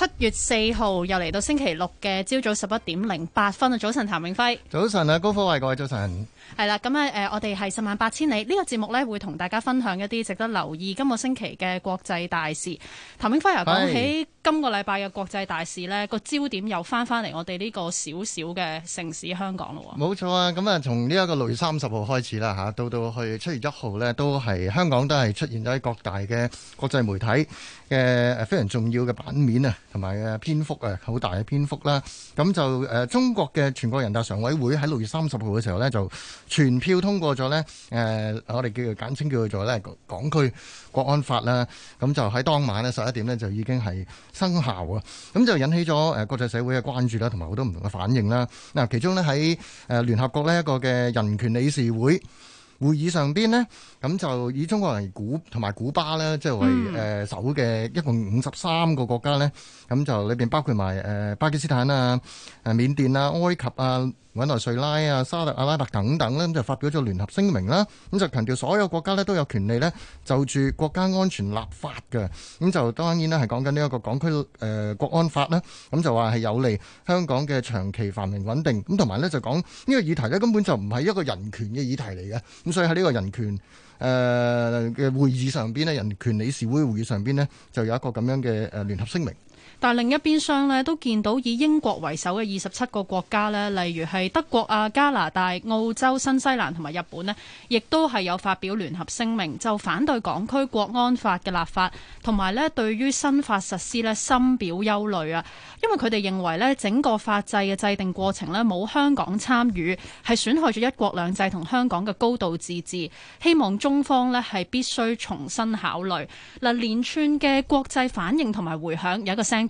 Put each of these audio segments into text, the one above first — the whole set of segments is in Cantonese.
七月四號又嚟到星期六嘅朝早十一點零八分啊！早晨，譚永輝。早晨啊，高科位各位早晨。係啦，咁啊誒，我哋係十萬八千里呢、呢個節目呢，會同大家分享一啲值得留意今個星期嘅國際大事。譚永輝，又講起是今個禮拜嘅國際大事呢，個焦點又翻翻嚟我哋呢個小小嘅城市香港咯。冇錯啊！咁、嗯、啊，從呢一個六月三十號開始啦嚇、啊，到到去七月一號呢，都係香港都係出現咗喺各大嘅國際媒體嘅非常重要嘅版面啊！同埋嘅篇幅好大嘅篇幅啦，咁就、呃、中國嘅全國人大常委會喺六月三十號嘅時候呢，就全票通過咗呢，誒、呃，我哋叫做簡稱叫做呢港區國安法啦，咁就喺當晚呢十一點呢，就已經係生效啊，咁就引起咗誒國際社會嘅關注啦，同埋好多唔同嘅反應啦。嗱，其中呢，喺誒聯合國呢一個嘅人權理事會，會議上邊呢，咁就以中國為古同埋古巴呢，即係為誒、嗯呃、首嘅一共五十三個國家呢，咁就裏邊包括埋誒、呃、巴基斯坦啊、誒緬甸啊、埃及啊。委內瑞拉啊、沙特阿拉伯等等呢就發表咗聯合聲明啦。咁就強調所有國家咧都有權利呢就住國家安全立法嘅。咁就當然啦，係講緊呢一個港區誒國安法啦。咁就話係有利香港嘅長期繁榮穩定。咁同埋呢就講呢個議題咧根本就唔係一個人權嘅議題嚟嘅。咁所以喺呢個人權誒嘅會議上邊咧，人權理事會會議上邊呢，就有一個咁樣嘅誒聯合聲明。但另一邊廂呢，都見到以英國為首嘅二十七個國家咧，例如係德國啊、加拿大、澳洲、新西蘭同埋日本呢，亦都係有發表聯合聲明，就反對港區國安法嘅立法，同埋咧對於新法實施咧深表憂慮啊。因為佢哋認為咧整個法制嘅制定過程咧冇香港參與，係損害咗一國兩制同香港嘅高度自治，希望中方咧係必須重新考慮，嗱連串嘅國際反應同埋回響有一個聲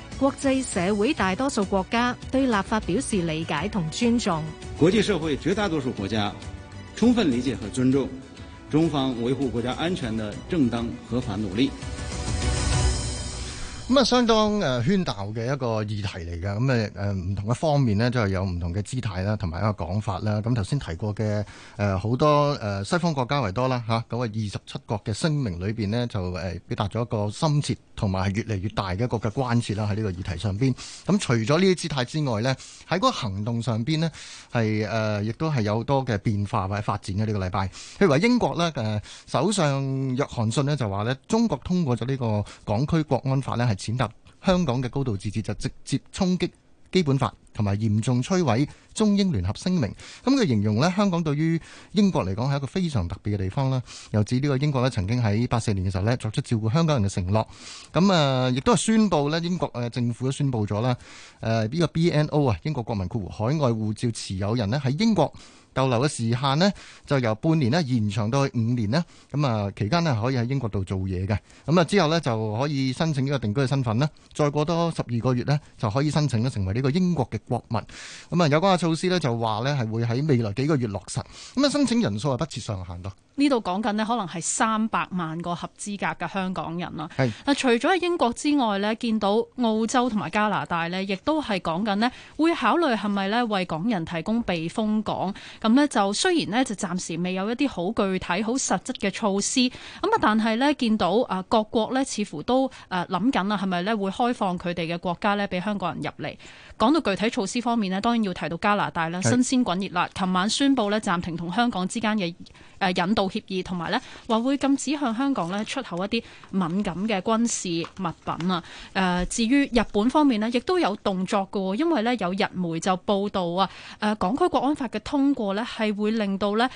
國際社會大多數國家對立法表示理解同尊重。國際社會絕大多數國家充分理解和尊重中方維護國家安全的正當合法努力。咁啊，相當誒圈套嘅一個議題嚟㗎。咁誒誒唔同嘅方面呢，就係有唔同嘅姿態啦，同埋一個講法啦。咁頭先提過嘅誒好多誒西方國家為多啦嚇。咁啊，二十七國嘅聲明裏邊呢，就誒表達咗一個深切同埋係越嚟越大嘅一個嘅關切啦，喺呢個議題上邊，咁除咗呢啲姿態之外呢，喺嗰個行動上邊呢，係誒亦都係有多嘅變化或者發展嘅呢個禮拜。譬如話英國呢，誒首相約翰遜呢，就話呢中國通過咗呢個港區國安法呢係踐踏香港嘅高度自治，就直接衝擊基本法。同埋嚴重摧毀中英聯合聲明，咁佢形容呢，香港對於英國嚟講係一個非常特別嘅地方啦。又指呢個英國咧，曾經喺八四年嘅時候咧，作出照顧香港人嘅承諾。咁啊，亦都係宣布呢，英國誒政府都宣布咗啦，誒呢個 BNO 啊，英國國民括弧海外護照持有人呢，喺英國逗留嘅時限呢，就由半年咧延長到去五年咧。咁啊，期間呢，可以喺英國度做嘢嘅。咁啊，之後呢，就可以申請呢個定居嘅身份啦。再過多十二個月呢，就可以申請呢成為呢個英國嘅國民咁啊，有關嘅措施呢，就話呢係會喺未來幾個月落實，咁啊，申請人數係不設上限咯。呢度講緊呢，可能係三百萬個合資格嘅香港人咯。係。嗱，除咗喺英國之外呢，見到澳洲同埋加拿大呢，亦都係講緊呢，會考慮係咪呢為港人提供避風港。咁呢，就雖然呢，就暫時未有一啲好具體、好實質嘅措施，咁啊，但係呢，見到啊，各國呢，似乎都誒諗緊啊係咪呢會開放佢哋嘅國家呢，俾香港人入嚟。講到具體。措施方面呢，當然要提到加拿大啦，新鮮滾熱辣。琴晚宣布咧，暫停同香港之間嘅引渡協議，同埋呢，話會禁止向香港呢出口一啲敏感嘅軍事物品啊。至於日本方面呢，亦都有動作喎，因為呢有日媒就報道啊，港區國安法嘅通過呢係會令到呢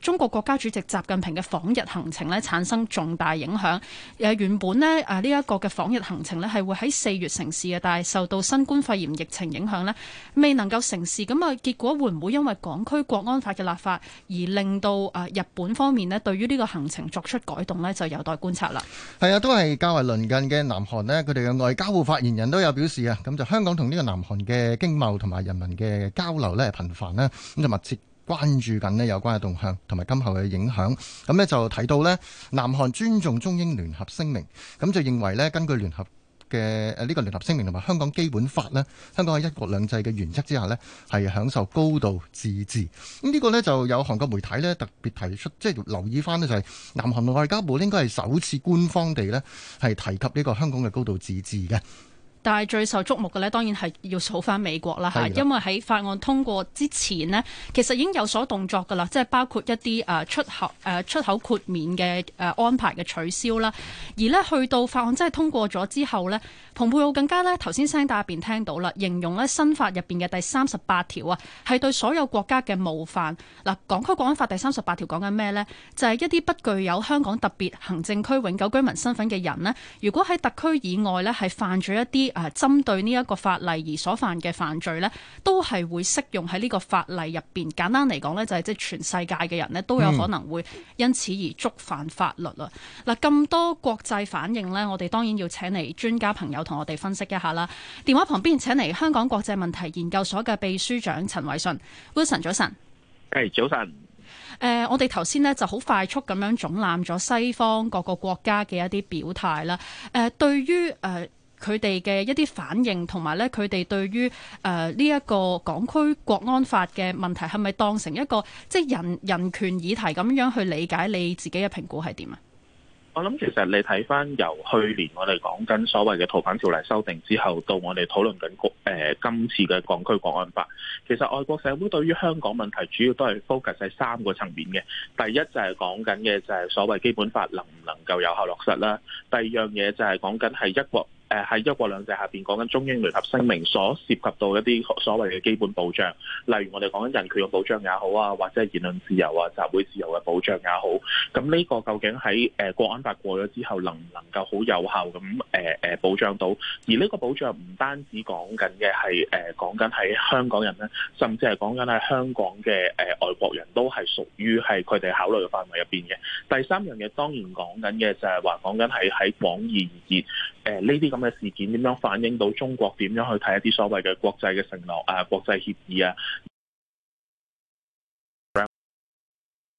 中國國家主席習近平嘅訪日行程呢產生重大影響。原本呢一個嘅訪日行程呢係會喺四月成事，嘅，但係受到新冠肺炎疫情影響呢未能夠成事，咁啊，結果會唔會因為港區國安法嘅立法而令到啊日本方面咧，對於呢個行程作出改動呢？就有待觀察啦。係啊，都係較為鄰近嘅南韓呢，佢哋嘅外交部發言人都有表示啊。咁就香港同呢個南韓嘅經貿同埋人民嘅交流呢，係頻繁啦。咁就密切關注緊咧有關嘅動向同埋今後嘅影響。咁呢，就提到呢，南韓尊重中英聯合聲明，咁就認為呢，根據聯合。嘅誒呢個聯合聲明同埋香港基本法咧，香港喺一國兩制嘅原則之下咧，係享受高度自治。咁呢個咧，就有韓國媒體咧特別提出，即係留意翻咧，就係南韓外交部應該係首次官方地咧係提及呢個香港嘅高度自治嘅。但係最受矚目嘅咧，當然係要數翻美國啦嚇，因為喺法案通過之前呢，其實已經有所動作噶啦，即係包括一啲出口出口豁免嘅安排嘅取消啦。而呢，去到法案真係通過咗之後呢，蓬佩奧更加呢頭先聲帶入邊聽到啦，形容呢新法入面嘅第三十八條啊，係對所有國家嘅冒犯。嗱，港區國安法第三十八條講緊咩呢？就係、是、一啲不具有香港特別行政區永久居民身份嘅人呢，如果喺特區以外呢，係犯咗一啲。啊、針對呢一個法例而所犯嘅犯罪呢都係會適用喺呢個法例入面。簡單嚟講呢就係即係全世界嘅人呢都有可能會因此而觸犯法律、嗯、啊！嗱，咁多國際反應呢，我哋當然要請嚟專家朋友同我哋分析一下啦。電話旁邊請嚟香港國際問題研究所嘅秘書長陳偉信，Wilson，早晨。係，早晨。早晨啊、我哋頭先呢就好快速咁樣總覽咗西方各個國家嘅一啲表態啦。啊、對於、啊佢哋嘅一啲反應，同埋咧佢哋對於誒呢一個港區國安法嘅問題，係咪當成一個即係人人權議題咁樣去理解？你自己嘅評估係點啊？我諗其實你睇返由去年我哋講緊所謂嘅逃犯條例修訂之後，到我哋討論緊誒、呃、今次嘅港區國安法，其實外國社會對於香港問題主要都係 focus 喺三個層面嘅。第一就係講緊嘅就係所謂基本法能唔能夠有效落實啦。第二樣嘢就係講緊係一國。誒喺一國兩制下邊講緊中英聯合聲明所涉及到一啲所謂嘅基本保障，例如我哋講緊人權嘅保障也好啊，或者係言論自由啊、集會自由嘅保障也好。咁呢個究竟喺誒國安法過咗之後，能唔能夠好有效咁誒誒保障到？而呢個保障唔單止講緊嘅係誒講緊喺香港人咧，甚至係講緊喺香港嘅誒外國人都係屬於係佢哋考慮嘅範圍入邊嘅。第三樣嘢當然講緊嘅就係話講緊係喺廣義而言誒呢啲。咁嘅事件點樣反映到中國？點樣去睇一啲所謂嘅國際嘅承諾啊、國際協議啊？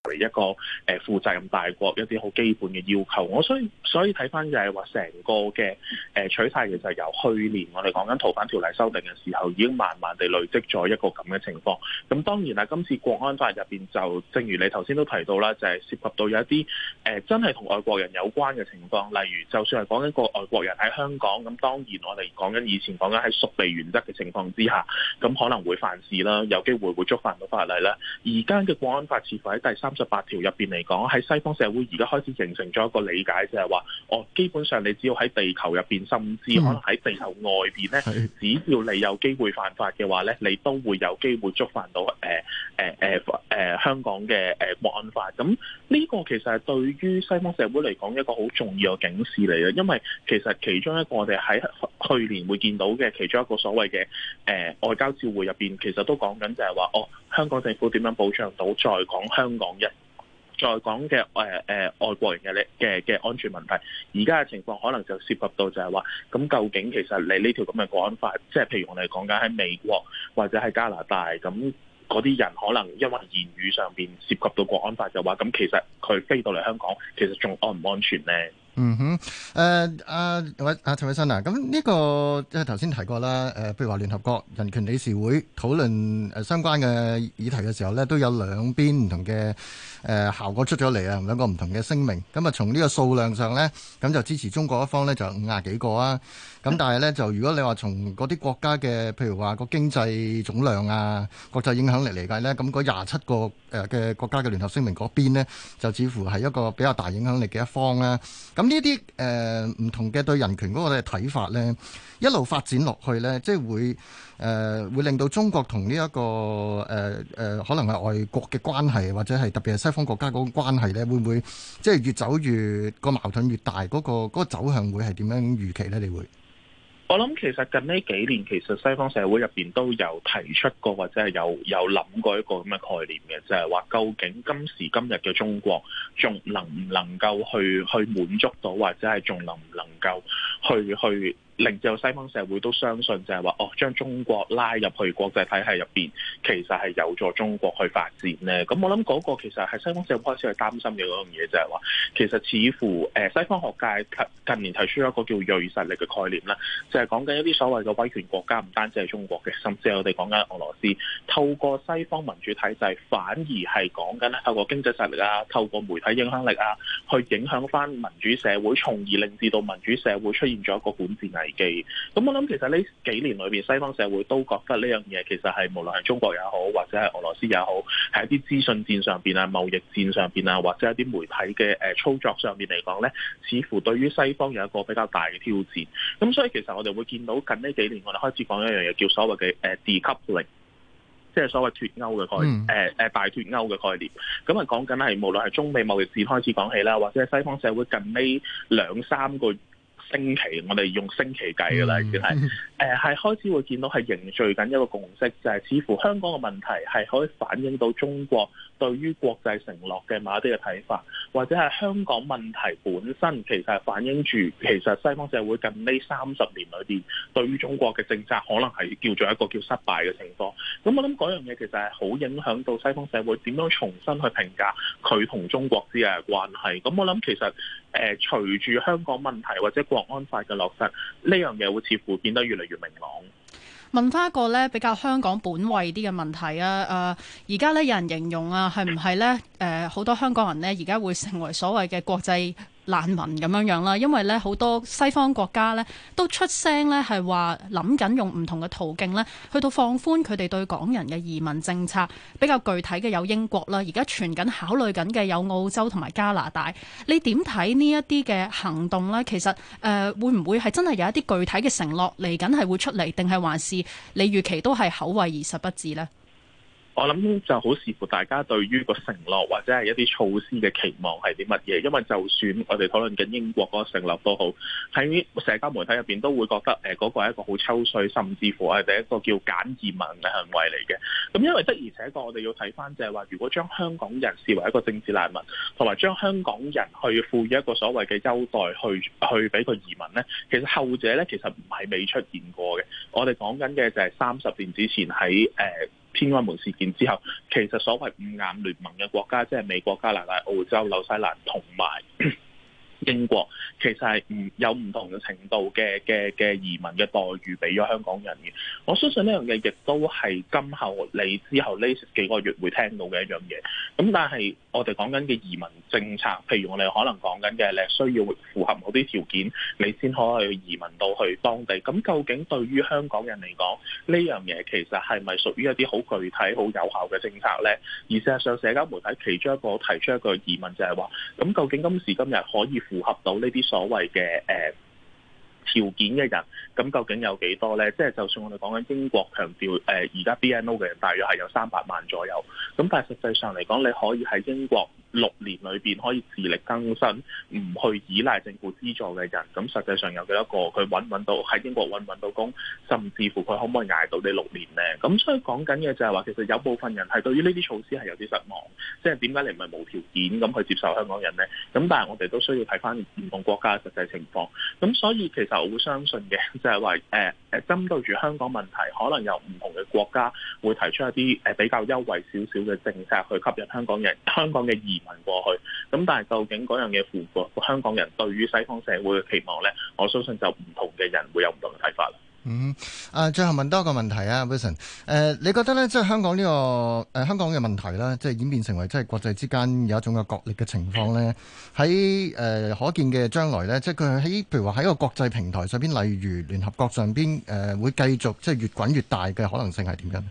嚟一個誒負責任大國一啲好基本嘅要求，我所以所以睇翻就係話成個嘅誒取態，其實由去年我哋講緊逃犯條例修訂嘅時候，已經慢慢地累積咗一個咁嘅情況。咁當然啦，今次國安法入邊就，就正如你頭先都提到啦，就係、是、涉及到有一啲誒、呃、真係同外國人有關嘅情況，例如就算係講緊個外國人喺香港，咁當然我哋講緊以前講緊喺屬地原則嘅情況之下，咁可能會犯事啦，有機會會觸犯到法例啦。而家嘅國安法似乎喺第三十八條入面嚟講，喺西方社會而家開始形成咗一個理解，就係話：哦，基本上你只要喺地球入面，甚至可能喺地球外面，咧，只要你有機會犯法嘅話咧，你都會有機會觸犯到、欸欸欸、香港嘅誒《國安法》。咁呢個其實係對於西方社會嚟講一個好重要嘅警示嚟嘅，因為其實其中一個我哋喺去年會見到嘅其中一個所謂嘅、欸、外交照會入面，其實都講緊就係話：哦，香港政府點樣保障到在港香港人在講嘅誒誒外國人嘅嘅嘅安全問題，而家嘅情況可能就涉及到就係話，咁究竟其實你呢條咁嘅《國安法》，即係譬如我哋講緊喺美國或者喺加拿大，咁嗰啲人可能因為言語上面涉及到《國安法》就話，咁其實佢飛到嚟香港，其實仲安唔安全咧？嗯哼，誒、呃、啊，阿陳偉信啊，咁呢、這個誒頭先提過啦，誒，譬如話聯合國人權理事會討論誒相關嘅議題嘅時候咧，都有兩邊唔同嘅誒效果出咗嚟啊，兩個唔同嘅聲明。咁啊，從呢個數量上咧，咁就支持中國一方咧，就有五廿幾個啊。咁但係咧，就如果你話從嗰啲國家嘅，譬如話個經濟總量啊、國際影響力嚟計咧，咁嗰廿七個誒嘅、呃、國家嘅聯合聲明嗰邊咧，就似乎係一個比較大影響力嘅一方啦、啊。咁呢啲誒唔同嘅對人權嗰個嘅睇法咧，一路發展落去咧，即係會誒、呃、會令到中國同呢一個誒誒、呃、可能係外國嘅關係，或者係特別係西方國家嗰個關係咧，會唔會即係越走越、嗰個矛盾越大？嗰、嗰個嗰、嗰個走向會係點樣預期咧？你會。我諗其實近呢幾年，其實西方社會入面都有提出過，或者係有有諗過一個咁嘅概念嘅，就係話究竟今時今日嘅中國能能，仲能唔能夠去去滿足到，或者係仲能唔能夠去去？去令就西方社會都相信就係話，哦，將中國拉入去國際體系入面，其實係有助中國去發展咧。咁我諗嗰個其實係西方社會開始去擔心嘅嗰樣嘢，就係話其實似乎、呃、西方學界近年提出一個叫銳實力嘅概念咧，就係、是、講緊一啲所謂嘅威權國家，唔單止係中國嘅，甚至係我哋講緊俄羅斯透過西方民主體制，反而係講緊透過經濟實力啊，透過媒體影響力啊，去影響翻民主社會，從而令至到民主社會出現咗一個管治危。咁我諗其實呢幾年裏面西方社會都覺得呢樣嘢其實係無論係中國也好，或者係俄羅斯也好，係一啲資訊戰上邊啊、貿易戰上邊啊，或者係一啲媒體嘅誒操作上面嚟講呢，似乎對於西方有一個比較大嘅挑戰。咁所以其實我哋會見到近呢幾年，我哋開始講一樣嘢叫所謂嘅誒 de-coupling, 即係所謂脫歐嘅概念，誒誒、嗯呃、大脫歐嘅概念。咁啊講緊係無論係中美貿易戰開始講起啦，或者係西方社會近呢兩三個。星期我哋用星期計㗎啦，即係誒係開始會見到係凝聚緊一個共識，就係似乎香港嘅問題係可以反映到中國對於國際承諾嘅某一啲嘅睇法，或者係香港問題本身其實係反映住其實西方社會近呢三十年裡面對於中國嘅政策可能係叫做一個叫失敗嘅情況。咁我諗嗰樣嘢其實係好影響到西方社會點樣重新去評價佢同中國之間嘅關係，咁我諗其實誒隨住香港問題或者國國安法嘅落實呢樣嘢會似乎變得越嚟越明朗。問翻一個咧比較香港本位啲嘅問題啊，誒，而家咧有人形容啊，係唔係咧？誒，好多香港人咧而家會成為所謂嘅國際難民咁樣樣啦，因為咧好多西方國家咧都出聲咧，係話諗緊用唔同嘅途徑咧，去到放寬佢哋對港人嘅移民政策。比較具體嘅有英國啦，而家傳緊考慮緊嘅有澳洲同埋加拿大。你點睇呢一啲嘅行動咧？其實誒、呃，會唔會係真係有一啲具體嘅承諾嚟緊係會出嚟，定係還是你預期都係口惠而實不至呢？我諗就好視乎大家對於個承諾或者係一啲措施嘅期望係啲乜嘢，因為就算我哋討論緊英國嗰個承諾都好，喺社交媒體入邊都會覺得嗰個係一個好抽水，甚至乎係第一個叫簡移民嘅行為嚟嘅。咁因為的而且確，我哋要睇翻就係話，如果將香港人視為一個政治難民，同埋將香港人去賦予一個所謂嘅優待去去俾佢移民呢，其實後者呢，其實唔係未出現過嘅。我哋講緊嘅就係三十年之前喺天安門事件之後，其實所謂五眼聯盟嘅國家，即係美國、加拿大、澳洲、紐西蘭同埋。英國其實係唔有唔同嘅程度嘅嘅嘅移民嘅待遇俾咗香港人嘅，我相信呢樣嘢亦都係今後你之後呢幾個月會聽到嘅一樣嘢。咁但係我哋講緊嘅移民政策，譬如我哋可能講緊嘅，你需要符合某啲條件，你先可以移民到去當地。咁究竟對於香港人嚟講，呢樣嘢其實係咪屬於一啲好具體、好有效嘅政策呢？而事實上，社交媒體其中一個提出一個疑問就係話：咁究竟今時今日可以？符合到呢啲所謂嘅誒、呃、條件嘅人，咁究竟有幾多呢？即、就、係、是、就算我哋講緊英國強調誒而、呃、家 BNO 嘅人，大約係有三百萬左右。咁但係實際上嚟講，你可以喺英國，六年裏面可以自力更生，唔去依賴政府資助嘅人，咁實際上有幾多個？佢揾揾到喺英國揾揾到工，甚至乎佢可唔可以捱到呢六年呢？咁所以講緊嘅就係話，其實有部分人係對於呢啲措施係有啲失望，即係點解你唔係無條件咁去接受香港人呢？咁但係我哋都需要睇翻唔同國家嘅實際情況，咁所以其實我會相信嘅就係話，欸誒針對住香港問題，可能有唔同嘅國家會提出一啲比較優惠少少嘅政策去吸引香港人、香港嘅移民過去。咁但係究竟嗰樣嘢符合香港人對於西方社會嘅期望呢？我相信就唔同嘅人會有唔同嘅睇法。嗯，啊，最後問多一個問題啊，Wilson，誒、呃，你覺得咧，即係香港呢個誒、呃、香港嘅問題啦，即係演變成為即係國際之間有一種嘅角力嘅情況咧，喺誒、呃、可見嘅將來咧，即係佢喺譬如話喺個國際平台上邊，例如聯合國上邊誒、呃，會繼續即係越滾越大嘅可能性係點樣？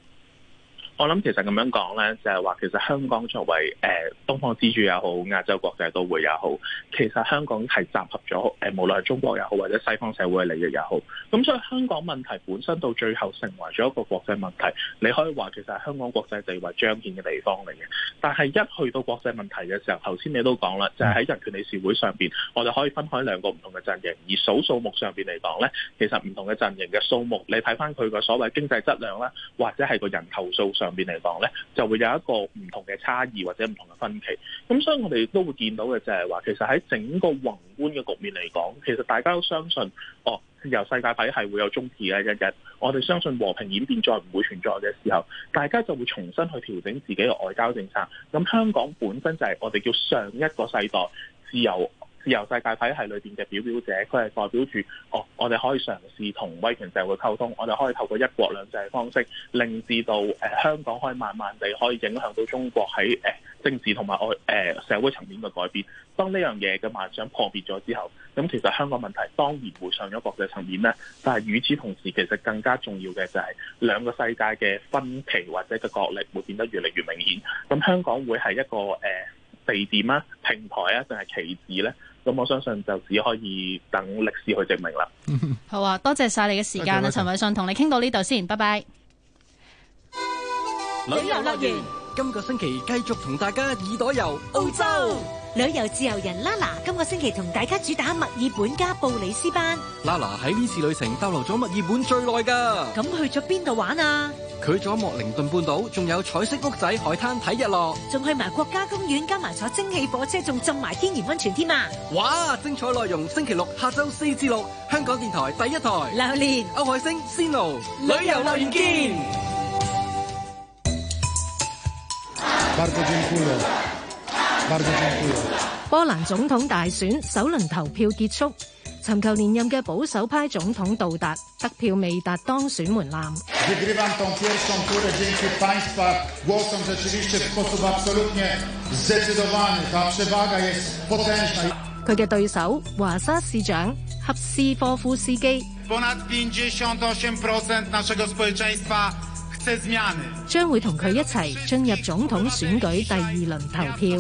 我諗其實咁樣講咧，就係話其實香港作為誒、東方之珠也好，亞洲國際都會也好，其實香港係集合咗誒，無論係中國又好，或者西方社會嘅利益又好。咁所以香港問題本身到最後成為咗一個國際問題，你可以話其實係香港國際地位最關鍵嘅地方嚟嘅。但係一去到國際問題嘅時候，頭先你都講啦，就係、係、喺人權理事會上面，我哋可以分開兩個唔同嘅陣營。而數數目上面嚟講咧，其實唔同嘅陣營嘅數目，你睇翻佢個所謂經濟質量啦，或者係個人口數上上面嚟講呢，就會有一個唔同嘅差異或者唔同嘅分歧。咁所以我哋都會見到嘅就係話，其實喺整個宏觀嘅局面嚟講，其實大家都相信，哦，由世界體系會有中止嘅一日。我哋相信和平演變再唔會存在嘅時候，大家就會重新去調整自己嘅外交政策。咁香港本身就係我哋叫上一個世代自由自由世界體系裏面嘅表表者，佢係代表住哦，我哋可以嘗試同威權社會溝通，我哋可以透過一國兩制嘅方式，令至到、呃、香港可以慢慢地可以影響到中國喺、呃、政治同埋、呃、社會層面嘅改變。當呢樣嘢嘅幻想破滅咗之後，咁其實香港問題當然會上咗國際層面咧，但係與此同時，其實更加重要嘅就係、是、兩個世界嘅分歧或者嘅角力會變得越嚟越明顯。咁香港會係一個誒、呃、地點啊、平台啊，定係旗幟咧？咁我相信就只可以等歷史去證明啦。 好啊，多謝晒你嘅時間啦，陳偉信，同你傾到呢度先，拜拜。旅遊樂園，今個星期繼續同大家耳朵遊澳洲。旅遊自由人 Lala 今個星期同大家主打墨爾本加布里斯班。Lala 喺呢次旅程逗留咗墨爾本最耐噶。咁去咗邊度玩啊？去咗莫寧頓半島，仲有彩色屋仔海灘睇日落，仲去埋國家公園，加埋坐蒸汽火車，仲浸埋天然溫泉添啊！哇！精彩內容，星期六下晝四至六，香港電台第一台。榴蓮、歐海星、Cino，旅遊樂園見。波蘭總統大選首輪投票結束，尋求連任嘅保守派總統杜達得票未達當選門檻。佢嘅對手華沙市長恰斯科夫斯基，將會同佢一齊進入總統選舉第二輪投票。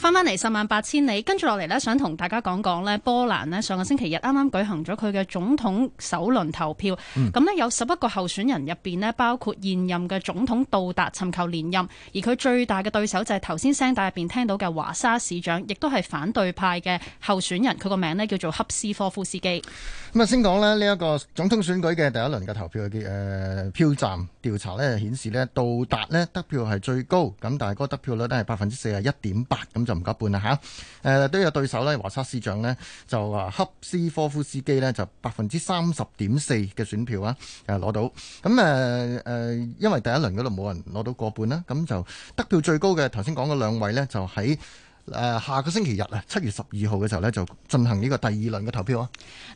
翻翻嚟十萬八千里，跟住落嚟呢，想同大家講講呢波蘭呢上個星期日啱啱舉行咗佢嘅總統首輪投票，咁呢、嗯，有十一個候選人入面呢，包括現任嘅總統杜達尋求連任，而佢最大嘅對手就係頭先聲帶入面聽到嘅華沙市長，亦都係反對派嘅候選人，佢個名呢叫做恰斯科夫斯基。咁啊，先講呢，呢一個總統選舉嘅第一輪嘅投票嘅、呃、票站調查呢，顯示呢，杜達呢得票係最高，咁但係個得票率都係百分之四十一點八咁。就唔夠半啦吓都、啊呃、有對手呢，華沙市長呢，就啊恰斯科夫斯基呢，就百分之三十點四嘅選票啊攞到，咁、啊啊啊、因為第一輪嗰度冇人攞到過半啦，咁就得票最高嘅頭先講嗰兩位呢，就喺。誒下個星期日啊，七月十二號嘅時候呢就進行呢個第二輪嘅投票啊！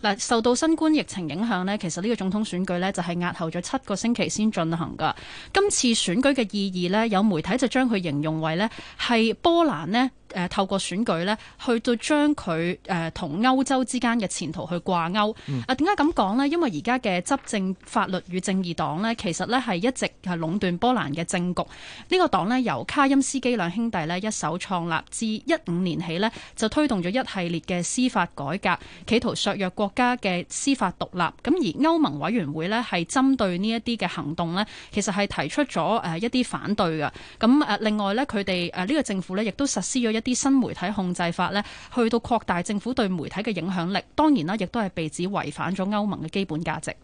嗱，受到新冠疫情影響呢，其實呢個總統選舉呢就係押後咗七個星期先進行㗎。今次選舉嘅意義呢，有媒體就將佢形容為呢係波蘭呢誒透過選舉呢去到將佢誒同歐洲之間嘅前途去掛鈎。啊、嗯，點解咁講呢？因為而家嘅執政法律與正義黨呢，其實呢係一直係壟斷波蘭嘅政局。呢個黨呢，由卡欽斯基兩兄弟呢一手創立之。一五年起呢，就推動咗一系列嘅司法改革，企圖削弱國家嘅司法獨立。咁而歐盟委員會呢，係針對呢一啲嘅行動呢，其實係提出咗誒一啲反對嘅。咁誒另外呢，佢哋誒呢個政府呢，亦都實施咗一啲新媒體控制法呢，去到擴大政府對媒體嘅影響力。當然啦，亦都係被指違反咗歐盟嘅基本價值。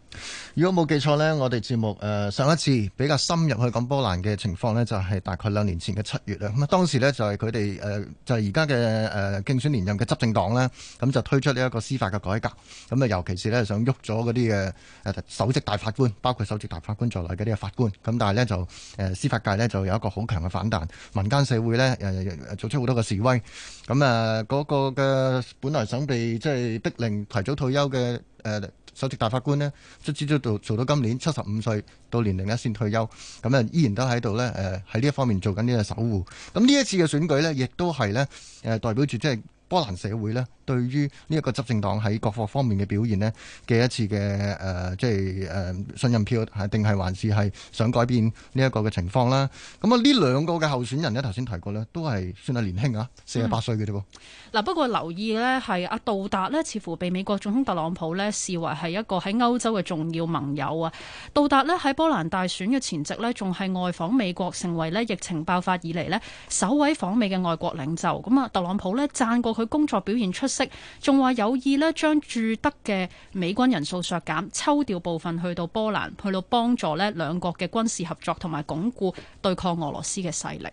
如果冇記錯呢，我哋節目誒上一次比較深入去講波蘭嘅情況呢，就係大概兩年前嘅七月啦。咁啊，當時呢，就係佢哋誒。就係而家嘅誒競選連任嘅執政黨呢，咁、嗯、就推出呢一個司法嘅改革，咁、嗯、啊尤其是呢，想喐咗嗰啲嘅誒首席大法官，包括首席大法官在內嘅啲法官，咁、嗯、但係呢，就誒、呃、司法界呢，就有一個好強嘅反彈，民間社會呢，誒、呃、做出好多個示威，咁啊嗰個嘅本來想被即係逼令提早退休嘅誒。呃首席大法官呢，即係足到做到今年七十五歲，到年齡呢先退休，咁啊依然都喺度呢，喺呢一方面做緊呢個守護。咁呢一次嘅選舉呢，亦都係呢、呃，代表住即係波蘭社會呢。對於呢一個執政黨喺各個方面嘅表現呢嘅一次嘅誒、呃，即係誒、呃、信任票，係定係還是係想改變呢一個嘅情況啦？咁啊，呢兩個嘅候選人呢，頭先提過呢，都係算係年輕、嗯、啊，四十八歲嘅啫噃。嗱，不過留意呢，係阿杜達呢，似乎被美國總統特朗普呢視為係一個喺歐洲嘅重要盟友啊。杜達呢，喺波蘭大選嘅前夕呢，仲係外訪美國，成為呢疫情爆發以嚟呢首位訪美嘅外國領袖。咁、嗯、啊，特朗普呢，讚過佢工作表現出。仲話有意咧，將駐德嘅美軍人數削減，抽調部分去到波蘭，去到幫助咧兩國嘅軍事合作，同埋鞏固對抗俄羅斯嘅勢力。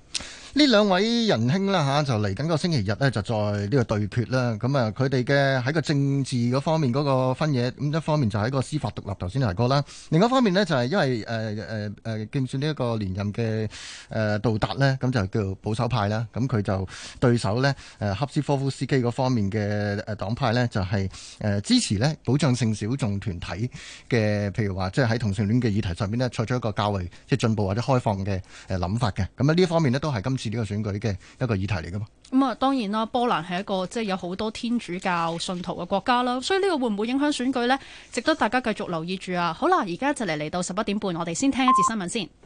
呢兩位仁兄啦吓、啊，就嚟緊個星期日呢，就在呢個對決啦。咁啊，佢哋嘅喺個政治嗰方面嗰、那個分野，咁一方面就係個司法獨立，頭先提過啦，另一方面呢，就係因為誒誒誒計算呢一個連任嘅誒到達呢，咁就叫保守派啦。咁佢就對手呢，誒、啊，恰斯科夫斯基嗰方面嘅。誒誒，黨派呢就係誒支持咧保障性小眾團體嘅，譬如話即係喺同性戀嘅議題上邊咧，採取一個較為即係進步或者開放嘅誒諗法嘅。咁啊呢方面咧都係今次呢個選舉嘅一個議題嚟噶嘛。咁啊，當然啦，波蘭係一個即係有好多天主教信徒嘅國家啦，所以呢個會唔會影響選舉呢？值得大家繼續留意住啊。好啦，而家就嚟嚟到十一點半，我哋先聽一節新聞先。